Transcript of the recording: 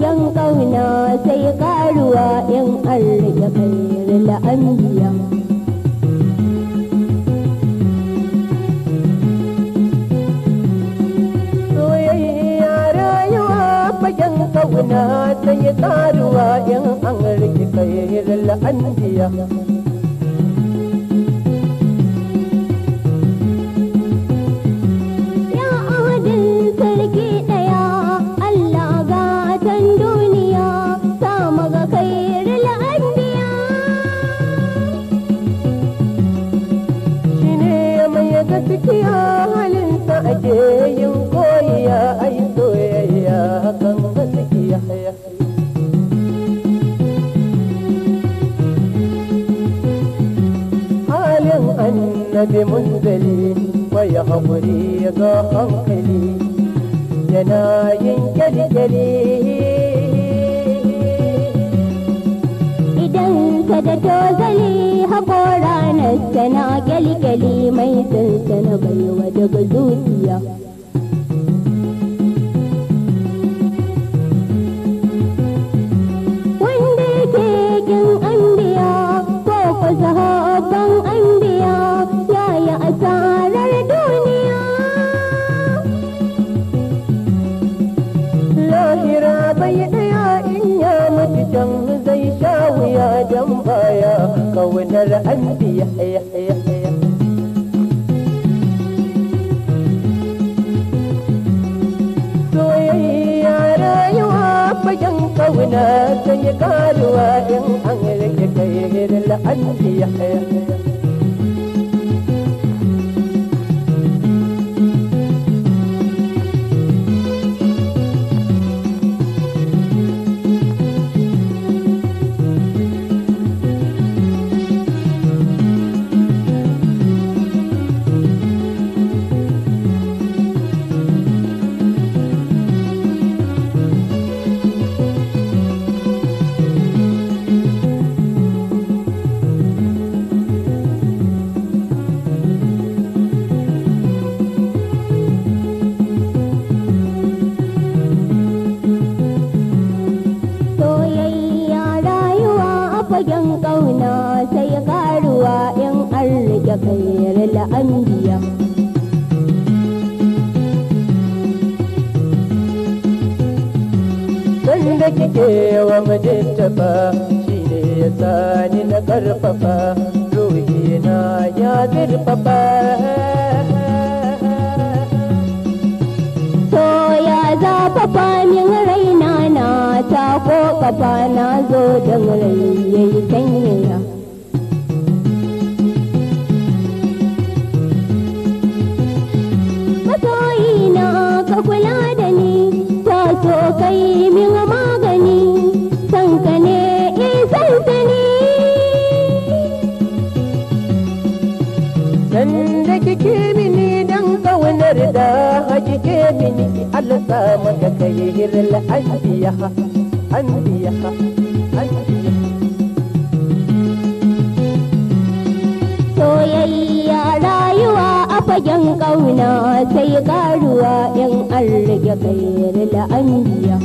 hagen ƙauna sai ƙaruwa in an rage kairar rayuwa fagen ƙauna sai ƙaruwa in an rage kairar la'ambiya gaskiya halinsa ake yin koyiya ai soyayya kan gaskiya halin annabi munzali waya haƙuri ga hankali yana yin kyalkyali idan ka da tozali haƙora na kalikali mai sansana baiwa daga zuciya wanda yake kin anbiya ko ku sahabban anbiya ya yi asarar duniya lahira bai daya in ya mutu can zai sha wuya don baya kaunar anbiya eh, eh. حي حي خير fagen ƙauna sai ƙaruwa in an rike kayar la'ambiya Sai da kike wa mijinta fa shi ne ya sani na ƙarfafa ruhi na ya zirfafa kafa na zo da murayi ya yi sanyaya na ka kula da ni ta so kai min magani san ka ne isan sani san da kike mini dan kaunar da hakike mini Allah sa maka kai hirla an أنبياء soyayya rayuwa a fagen ƙauna sai ƙaruwa 'yan an rage gairar